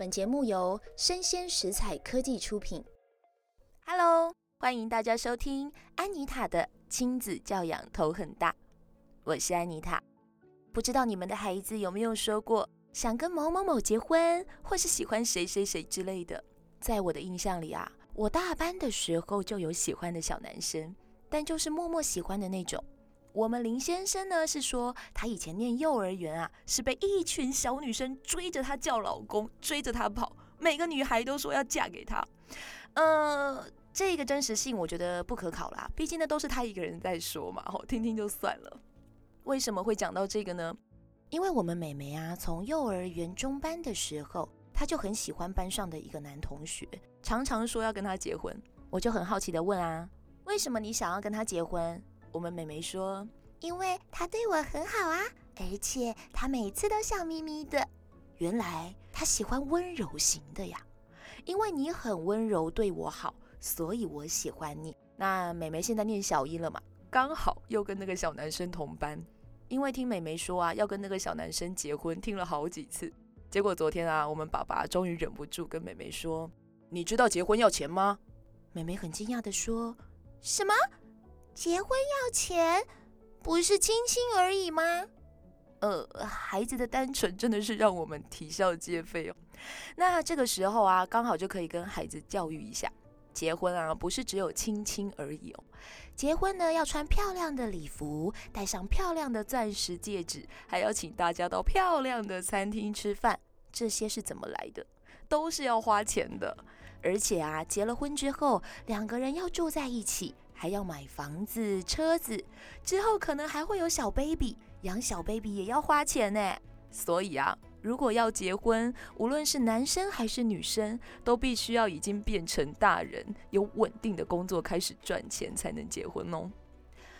本節目由聲鮮時采科技出品。Hello，歡迎大家收聽安妮塔的親子教養頭很大，我是安妮塔。不知道你們的孩子有沒有說過想跟某某某結婚，或是喜歡誰誰誰之類的？在我的印象裡啊，我大班的時候就有喜歡的小男生，但就是默默喜歡的那種。我們林先生呢是說，他以前念幼兒園啊，是被一群小女生追着他叫老公，追着他跑，每個女孩都說要嫁給他。呃，這個真實性我覺得不可考啦，畢竟呢都是他一個人在說嘛，好，聽聽就算了。為什麼會講到這個呢？因為我們美眉啊，從幼兒園中班的時候，她就很喜歡班上的一個男同學，常常說要跟他結婚。我就很好奇的問啊，為什麼你想要跟他結婚？我們美眉說：“因為他對我很好啊，而且他每次都笑眯眯的。原來他喜歡溫柔型的呀。因為你很溫柔，對我好，所以我喜歡你。”那美眉現在念小一了嘛，剛好又跟那個小男生同班。因為聽美眉說啊，要跟那個小男生結婚，聽了好幾次。結果昨天啊，我們爸爸終於忍不住跟美眉說：“你知道結婚要錢嗎？”美眉很驚訝的說：“什麼？”結婚要錢，不是親親而已嗎？呃，孩子的單純真的是讓我們啼笑皆非哦。那這個時候啊，剛好就可以跟孩子教育一下，結婚啊，不是只有親親而已哦。結婚呢，要穿漂亮的禮服，戴上漂亮的鑽石戒指，還要請大家到漂亮的餐廳吃飯。這些是怎麼來的？都是要花錢的。而且啊，結了婚之後，兩個人要住在一起。還要買房子、車子，之後可能還會有小 baby，養小 baby 也要花錢呢。所以啊，如果要結婚，無論是男生還是女生，都必須要已經變成大人，有穩定的工作，開始賺錢才能結婚哦。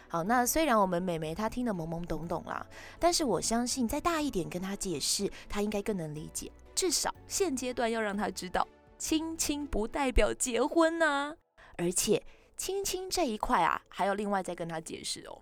好，那雖然我們美眉她聽得懵懵懂懂啦，但是我相信再大一點跟她解釋，她應該更能理解。至少現階段要讓她知道，親親不代表結婚吶，而且。親親這一塊啊，還要另外再跟他解釋哦。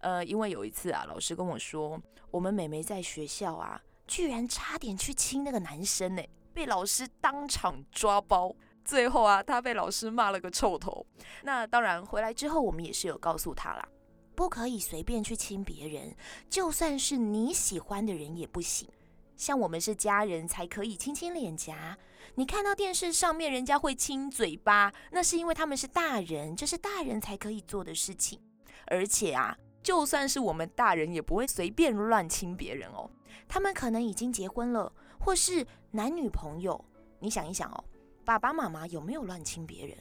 呃，因為有一次啊，老師跟我說，我們妹妹在學校啊，居然差點去親那個男生呢，欸，被老師當場抓包，最後啊，她被老師罵了個臭頭。那當然，回來之後我們也是有告訴她啦，不可以隨便去親別人，就算是你喜歡的人也不行。像我們是家人，才可以親親臉頰。你看到電視上面人家會親嘴巴，那是因為他們是大人，這就是大人才可以做的事情。而且啊，就算是我們大人，也不會隨便亂親別人哦。他們可能已經結婚了，或是男女朋友。你想一想哦，爸爸媽媽有沒有亂親別人？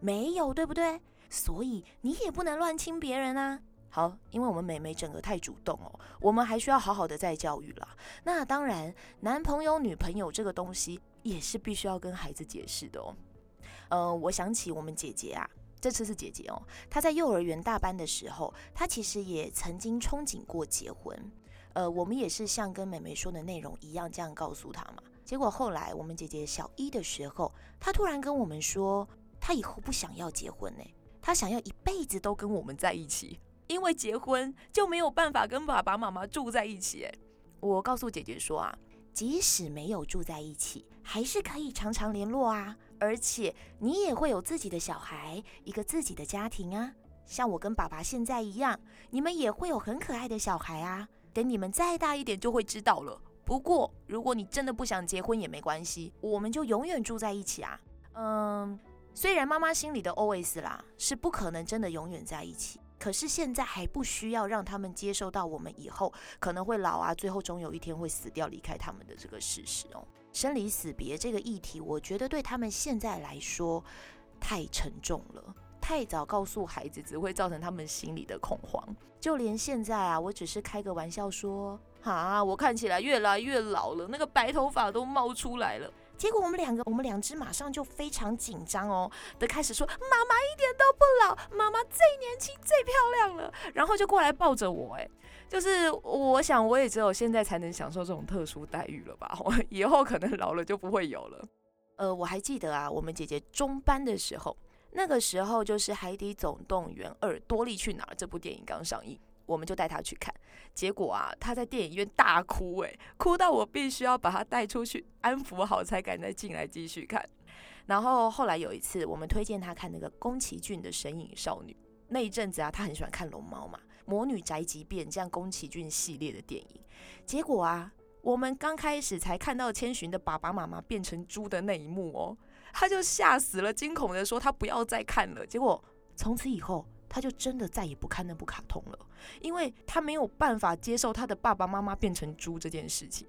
沒有，對不對？所以你也不能亂親別人啊。好，因為我們妹妹整個太主動哦，我們還需要好好的再教育了。那當然，男朋友、女朋友這個東西。也是必須要跟孩子解釋的哦。呃，我想起我們姐姐啊，這次是姐姐哦。她在幼兒園大班的時候，她其實也曾經憧憬過結婚。呃，我們也是像跟妹妹說的內容一樣，這樣告訴她嘛。結果後來我們姐姐小一的時候，她突然跟我們說，她以後不想要結婚呢，她想要一輩子都跟我們在一起，因為結婚就沒有辦法跟爸爸媽媽住在一起。誒，我告訴姐姐說啊。即使沒有住在一起，還是可以常常聯絡啊！而且你也會有自己的小孩，一個自己的家庭啊。像我跟爸爸現在一樣，你們也會有很可愛的小孩啊。等你們再大一點就會知道了。不過如果你真的不想結婚也沒關係，我們就永遠住在一起啊。嗯，雖然媽媽心裡的 OS 啦，是不可能真的永遠在一起。可是現在還不需要讓他們接受到我們以後可能會老啊，最後終有一天會死掉，離開他們的這個事實哦，喔。生離死別這個議題，我覺得對他們現在來說太沉重了，太早告訴孩子只會造成他們心裡的恐慌。就連現在啊，我只是開個玩笑說，啊，我看起來越來越老了，那個白頭髮都冒出來了。結果我們兩個，我們兩隻馬上就非常緊張哦的開始說：“媽媽一點都不老，媽媽最年輕、最漂亮了。”然後就過來抱着我，誒，就是我想我也只有現在才能享受這種特殊待遇了吧？以後可能老了就不會有了。呃，我還記得啊，我們姐姐中班的時候，那個時候就是《海底總動員二》《多莉去哪兒》這部電影剛上映。我們就帶他去看，結果啊，他在電影院大哭、欸，誒，哭到我必須要把他帶出去安撫好，才敢再進來繼續看。然後後來有一次，我們推薦他看那個宮崎駿的《神隱少女》，那一陣子啊，他很喜歡看龍貓嘛、魔女宅急便這樣宮崎駿系列的電影。結果啊，我們剛開始才看到千尋的爸爸媽媽變成豬的那一幕哦、喔，他就嚇死了，驚恐的說他不要再看了。結果從此以後，他就真的再也不看那部卡通了。因為他沒有辦法接受他的爸爸媽媽變成豬這件事情，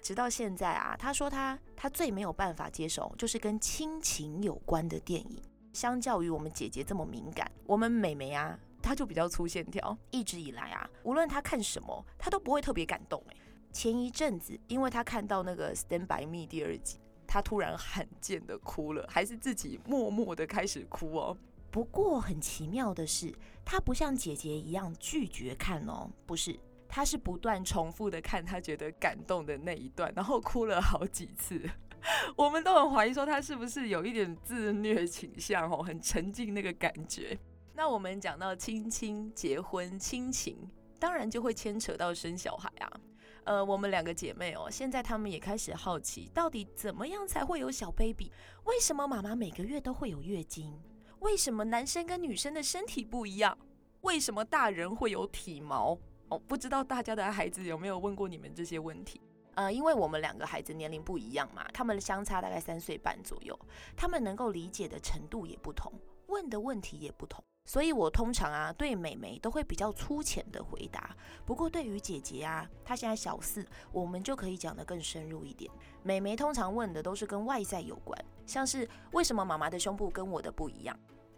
直到現在啊，他說他他最沒有辦法接受就是跟親情有關的電影。相較於我們姐姐這麼敏感，我們妹妹啊，她就比較粗線條。一直以來啊，無論她看什麼，她都不會特別感動。誒，前一陣子，因為她看到那個《Stand By Me》第二集，她突然罕見的哭了，還是自己默默的開始哭哦。不過很奇妙的是，她不像姐姐一樣拒絕看哦、喔，不是，她是不斷重複的看她覺得感動的那一段，然後哭了好幾次。 我們都很懷疑說她是不是有一點自虐傾向哦，很沉浸那個感覺。那我們講到親親、結婚、親情，當然就會牽扯到生小孩啊。呃，我們兩個姐妹哦、喔，現在她們也開始好奇，到底怎麼樣才會有小 baby？為什麼媽媽每個月都會有月經？為什麼男生跟女生的身體不一樣？為什麼大人會有體毛？哦，不知道大家的孩子有沒有問過你們這些問題？呃，因為我們兩個孩子年齡不一樣嘛，他們相差大概三歲半左右，他們能夠理解的程度也不同，問的問題也不同。所以我通常啊，對妹妹都會比較粗淺的回答。不過對於姐姐啊，她現在小四，我們就可以講得更深入一點。妹妹通常問的都是跟外在有關。像是為什麼媽媽的胸部跟我的不一樣？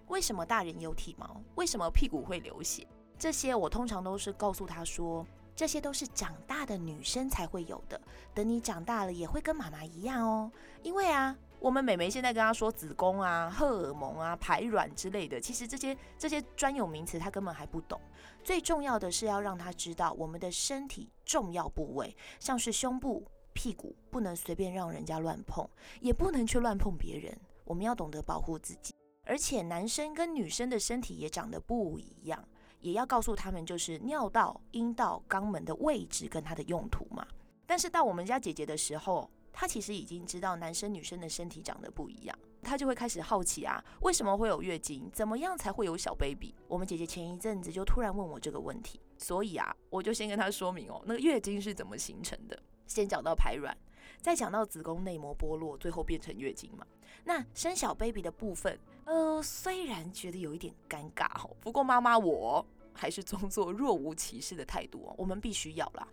為什麼大人有體毛？為什麼屁股會流血？這些我通常都是告訴她說，這些都是長大的女生才會有的。等你長大了也會跟媽媽一樣哦。因為啊，我們美眉現在跟她說子宮啊、荷爾蒙啊、排卵之類的，其實這些這些專有名詞她根本還不懂。最重要的是要讓她知道我們的身體重要部位，像是胸部。屁股不能隨便讓人家亂碰，也不能去亂碰別人。我們要懂得保護自己。而且男生跟女生的身體也長得不一樣，也要告訴他們，就是尿道、陰道、肛門的位置跟它的用途嘛。但是到我們家姐姐的時候，她其實已經知道男生女生的身體長得不一樣，她就會開始好奇啊，為什麼會有月經？怎麼樣才會有小 baby？我們姐姐前一陣子就突然問我這個問題，所以啊，我就先跟她說明哦，那個月經是怎麼形成的。先講到排卵，再講到子宮內膜剝落，最後變成月經嘛。那生小 baby 的部分，呃，雖然覺得有一點尷尬哦，不過媽媽我還是裝作若無其事的態度哦。我們必須要啦，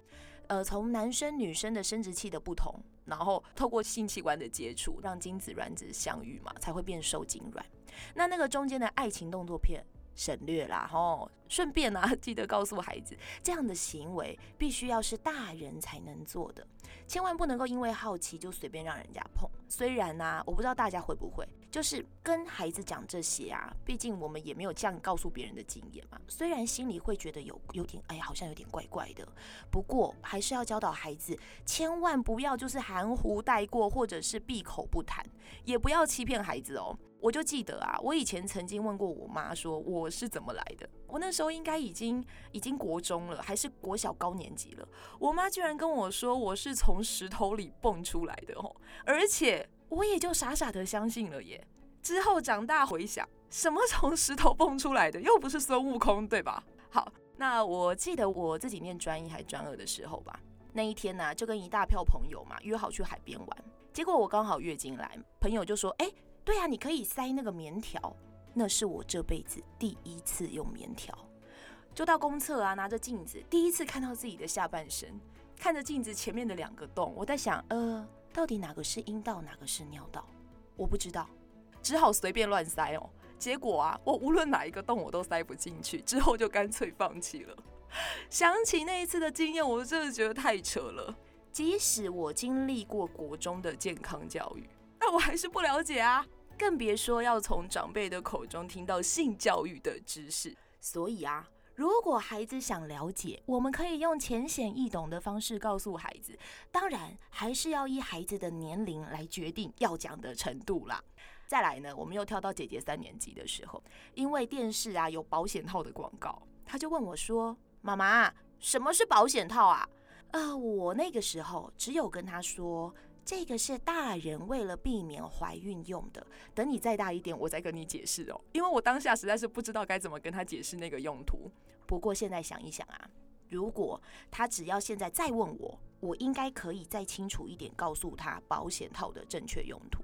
呃，從男生女生的生殖器的不同，然後透過性器官的接觸，讓精子卵子相遇嘛，才會變受精卵。那那個中間的愛情動作片。省略啦，吼、哦！順便呢、啊，記得告訴孩子，這樣的行為必須要是大人才能做的，千萬不能夠因為好奇就隨便讓人家碰。雖然啊，我不知道大家會不會就是跟孩子講這些啊，畢竟我們也沒有這樣告訴別人的經驗嘛。雖然心裡會覺得有有點，哎呀，好像有點怪怪的，不過還是要教導孩子，千萬不要就是含糊帶過，或者是閉口不談，也不要欺騙孩子哦。我就記得啊，我以前曾經問過我媽說我是怎麼來的，我那時候應該已經已經國中了，還是國小高年級了，我媽居然跟我說我是從石頭裡蹦出來的哦，而且。我也就傻傻的相信了耶。之後長大回想，什麼從石頭蹦出來的，又不是孫悟空，對吧？好，那我記得我自己念專一還專二的時候吧。那一天呢、啊，就跟一大票朋友嘛約好去海邊玩。結果我剛好月經來，朋友就說：“哎、欸，對呀、啊，你可以塞那個棉條。”那是我這輩子第一次用棉條，就到公廁啊，拿着鏡子，第一次看到自己的下半身，看着鏡子前面的兩個洞，我在想，呃。到底哪個是陰道，哪個是尿道？我不知道，只好隨便亂塞哦。結果啊，我無論哪一個洞，我都塞不進去。之後就乾脆放棄了。想起那一次的經驗，我真的覺得太扯了。即使我經歷過國中的健康教育，但我還是不了解啊，更別說要從長輩的口中聽到性教育的知識。所以啊。如果孩子想了解，我們可以用淺顯易懂的方式告訴孩子，當然還是要依孩子的年齡來決定要講的程度啦。再來呢，我們又跳到姐姐三年級的時候，因為電視啊有保險套的廣告，她就問我說：“媽媽，什麼是保險套啊？”呃，我那個時候只有跟她說。這個是大人為了避免懷孕用的。等你再大一點，我再跟你解釋哦。因為我當下實在是不知道該怎麼跟他解釋那個用途。不過現在想一想啊，如果他只要現在再問我，我應該可以再清楚一點告訴他保險套的正確用途。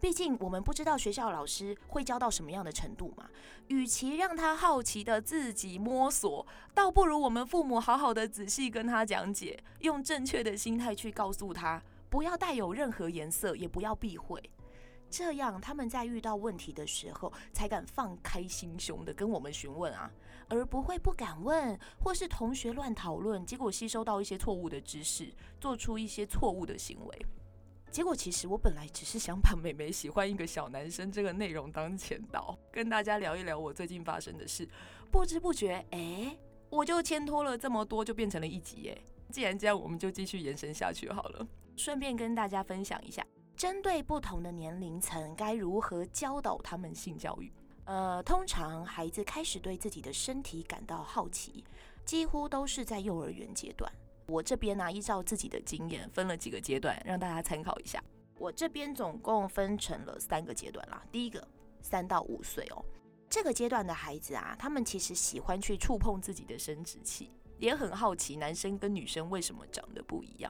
畢竟我們不知道學校老師會教到什麼樣的程度嘛。與其讓他好奇的自己摸索，倒不如我們父母好好的仔細跟他講解，用正確的心態去告訴他。不要帶有任何顏色，也不要避諱，這樣他們在遇到問題的時候才敢放開心胸的跟我們詢問啊，而不會不敢問，或是同學亂討論，結果吸收到一些錯誤的知識，做出一些錯誤的行為。結果其實我本來只是想把美美喜歡一個小男生這個內容當前導，跟大家聊一聊我最近發生的事，不知不覺，哎，我就牽拖了這麼多，就變成了一集。誒，既然這樣，我們就繼續延伸下去好了。順便跟大家分享一下，針對不同的年齡層，該如何教導他們性教育？呃，通常孩子開始對自己的身體感到好奇，幾乎都是在幼兒園階段。我這邊呢、啊，依照自己的經驗，分了幾個階段，讓大家參考一下。我這邊總共分成了三個階段啦。第一個，三到五歲哦，這個階段的孩子啊，他們其實喜歡去觸碰自己的生殖器，也很好奇男生跟女生為什麼長得不一樣。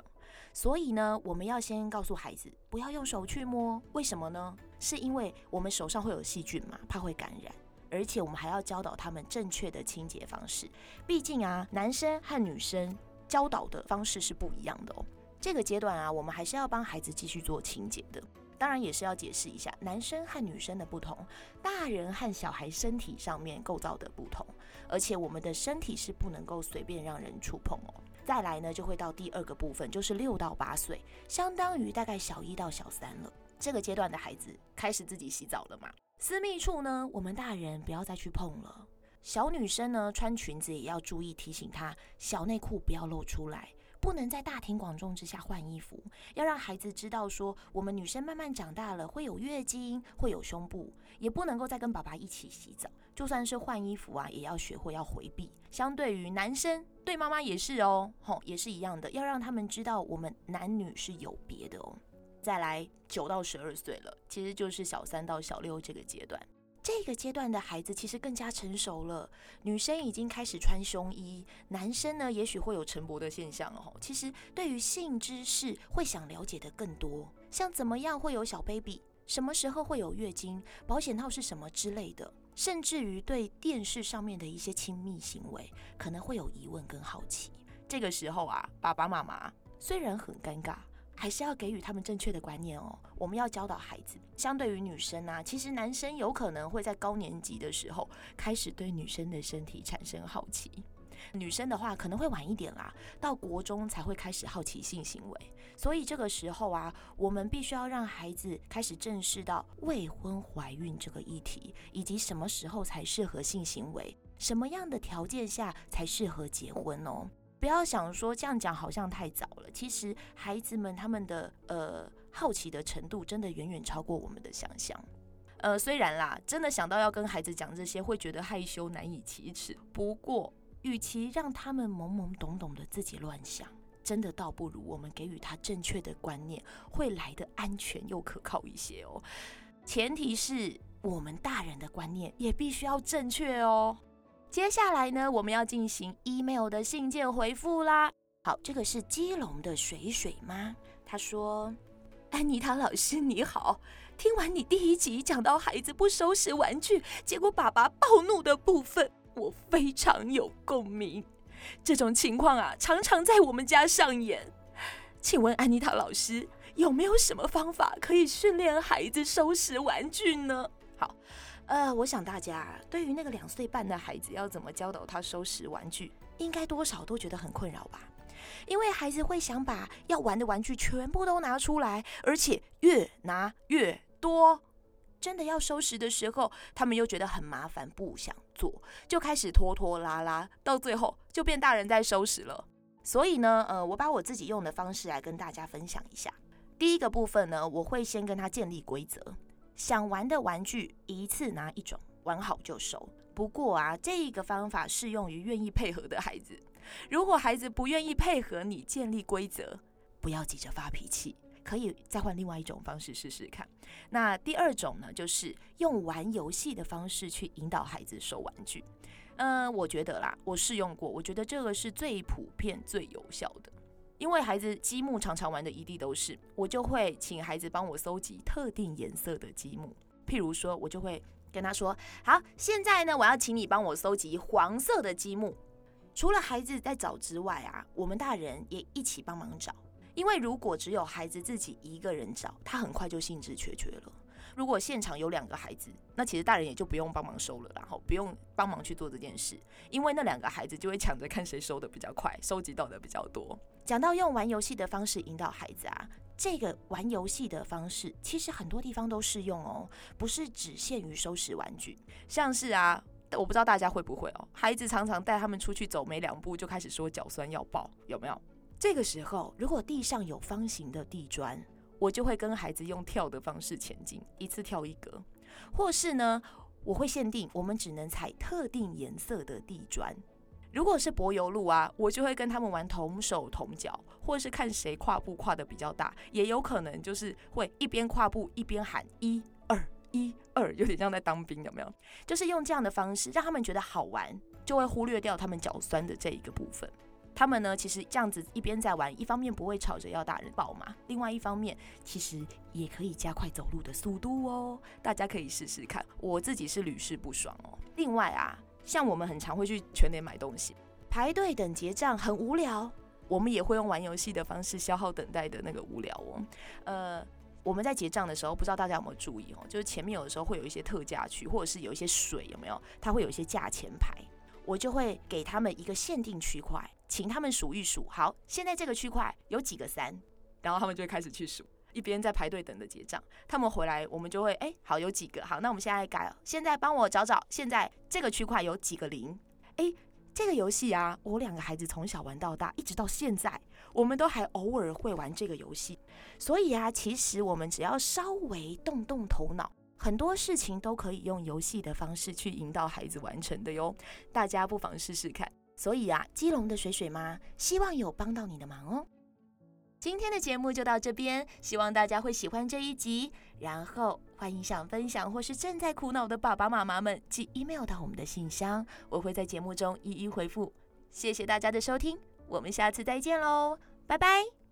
所以呢，我們要先告訴孩子不要用手去摸，為什麼呢？是因為我們手上會有細菌嘛，怕會感染。而且我們還要教導他們正確的清潔方式。畢竟啊，男生和女生教導的方式是不一樣的哦。這個階段啊，我們還是要幫孩子繼續做清潔的，當然也是要解釋一下男生和女生的不同，大人和小孩身體上面構造的不同，而且我們的身體是不能夠隨便讓人觸碰哦。再來呢，就會到第二個部分，就是六到八歲，相當於大概小一到小三了。這個階段的孩子開始自己洗澡了嘛。私密處呢，我們大人不要再去碰了。小女生呢，穿裙子也要注意提醒她，小內褲不要露出來。不能在大庭廣眾之下換衣服，要讓孩子知道說，我們女生慢慢長大了會有月經，會有胸部，也不能夠再跟爸爸一起洗澡，就算是換衣服啊，也要學會要回避。相對於男生，對媽媽也是哦，吼也是一樣的，要讓他們知道我們男女是有別的哦。再來，九到十二歲了，其實就是小三到小六這個階段。這個階段的孩子其實更加成熟了，女生已經開始穿胸衣，男生呢也許會有晨勃的現象哦。其實對於性知識會想了解的更多，像怎麼樣會有小 baby，什麼時候會有月經，保險套是什麼之類的，甚至於對電視上面的一些親密行為可能會有疑問跟好奇。這個時候啊，爸爸媽媽雖然很尷尬。還是要給予他們正確的觀念哦。我們要教導孩子，相對於女生啊，其實男生有可能會在高年級的時候開始對女生的身體產生好奇，女生的話可能會晚一點啦，到國中才會開始好奇性行為。所以這個時候啊，我們必須要讓孩子開始正視到未婚懷孕這個議題，以及什麼時候才適合性行為，什麼樣的條件下才適合結婚哦。不要想說這樣講好像太早了。其實孩子們他們的呃好奇的程度真的遠遠超過我們的想象。呃，雖然啦，真的想到要跟孩子講這些會覺得害羞難以啟齒。不過，與其讓他們懵懵懂懂的自己亂想，真的倒不如我們給予他正確的觀念，會來的安全又可靠一些哦。前提是，我們大人的觀念也必須要正確哦。接下來呢，我們要進行 email 的信件回復啦。好，這個是基隆的水水媽，她說：“安妮塔老師你好，聽完你第一集講到孩子不收拾玩具，結果爸爸暴怒的部分，我非常有共鳴。這種情況啊，常常在我們家上演。請問安妮塔老師有沒有什麼方法可以訓練孩子收拾玩具呢？”呃，我想大家對於那個兩歲半的孩子要怎麼教導他收拾玩具，應該多少都覺得很困擾吧？因為孩子會想把要玩的玩具全部都拿出來，而且越拿越多。真的要收拾的時候，他們又覺得很麻煩，不想做，就開始拖拖拉拉，到最後就變大人在收拾了。所以呢，呃，我把我自己用的方式來跟大家分享一下。第一個部分呢，我會先跟他建立規則。想玩的玩具一次拿一種，玩好就收。不過啊，這個方法適用於願意配合的孩子。如果孩子不願意配合你建立規則，不要急着發脾氣，可以再換另外一種方式試試看。那第二種呢，就是用玩遊戲的方式去引導孩子收玩具。嗯、呃，我覺得啦，我試用過，我覺得這個是最普遍、最有效的。因為孩子積木常常玩的一地都是，我就會請孩子幫我搜集特定顏色的積木。譬如說，我就會跟他說：“好，現在呢，我要請你幫我搜集黃色的積木。”除了孩子在找之外啊，我們大人也一起幫忙找。因為如果只有孩子自己一個人找，他很快就興致缺缺了。如果現場有兩個孩子，那其實大人也就不用幫忙收了，然後不用幫忙去做這件事，因為那兩個孩子就會搶着看誰收得比較快，收集到的比較多。講到用玩遊戲的方式引導孩子啊，這個玩遊戲的方式其實很多地方都適用哦，不是只限於收拾玩具。像是啊，我不知道大家會不會哦，孩子常常帶他們出去走，沒兩步就開始說腳酸要抱，有沒有？這個時候如果地上有方形的地磚。我就會跟孩子用跳的方式前進，一次跳一格，或是呢，我會限定我們只能踩特定顏色的地磚。如果是柏油路啊，我就會跟他們玩同手同腳，或是看誰跨步跨得比較大，也有可能就是會一邊跨步一邊喊一二一二，有點像在當兵，有沒有？就是用這樣的方式讓他們覺得好玩，就會忽略掉他們腳酸的這一個部分。他們呢，其實這樣子一邊在玩，一方面不會吵着要大人抱嘛。另外一方面，其實也可以加快走路的速度哦。大家可以試試看，我自己是屢試不爽哦。另外啊，像我們很常會去全聯買東西，排隊等結賬很無聊，我們也會用玩遊戲的方式消耗等待的那個無聊哦。呃，我們在結賬的時候，不知道大家有沒有注意哦，就是前面有的時候會有一些特價區，或者是有一些水有沒有，它會有一些價錢牌，我就會給他們一個限定區塊。請他們數一數，好，現在這個區塊有幾個三，然後他們就開始去數，一邊在排隊等着結賬。他們回來，我們就會，哎、欸，好，有幾個，好，那我們現在改了，現在幫我找找，現在這個區塊有幾個零？哎，這個遊戲啊，我兩個孩子從小玩到大，一直到現在，我們都還偶爾會玩這個遊戲。所以啊，其實我們只要稍微動動頭腦，很多事情都可以用遊戲的方式去引導孩子完成的喲。大家不妨試試看。所以啊，基隆的水水媽希望有幫到你的忙哦。今天的節目就到這邊，希望大家會喜歡這一集。然後，歡迎想分享或是正在苦惱的爸爸媽媽們寄 email 到我們的信箱，我會在節目中一一回復。謝謝大家的收聽，我們下次再見嘍，拜拜。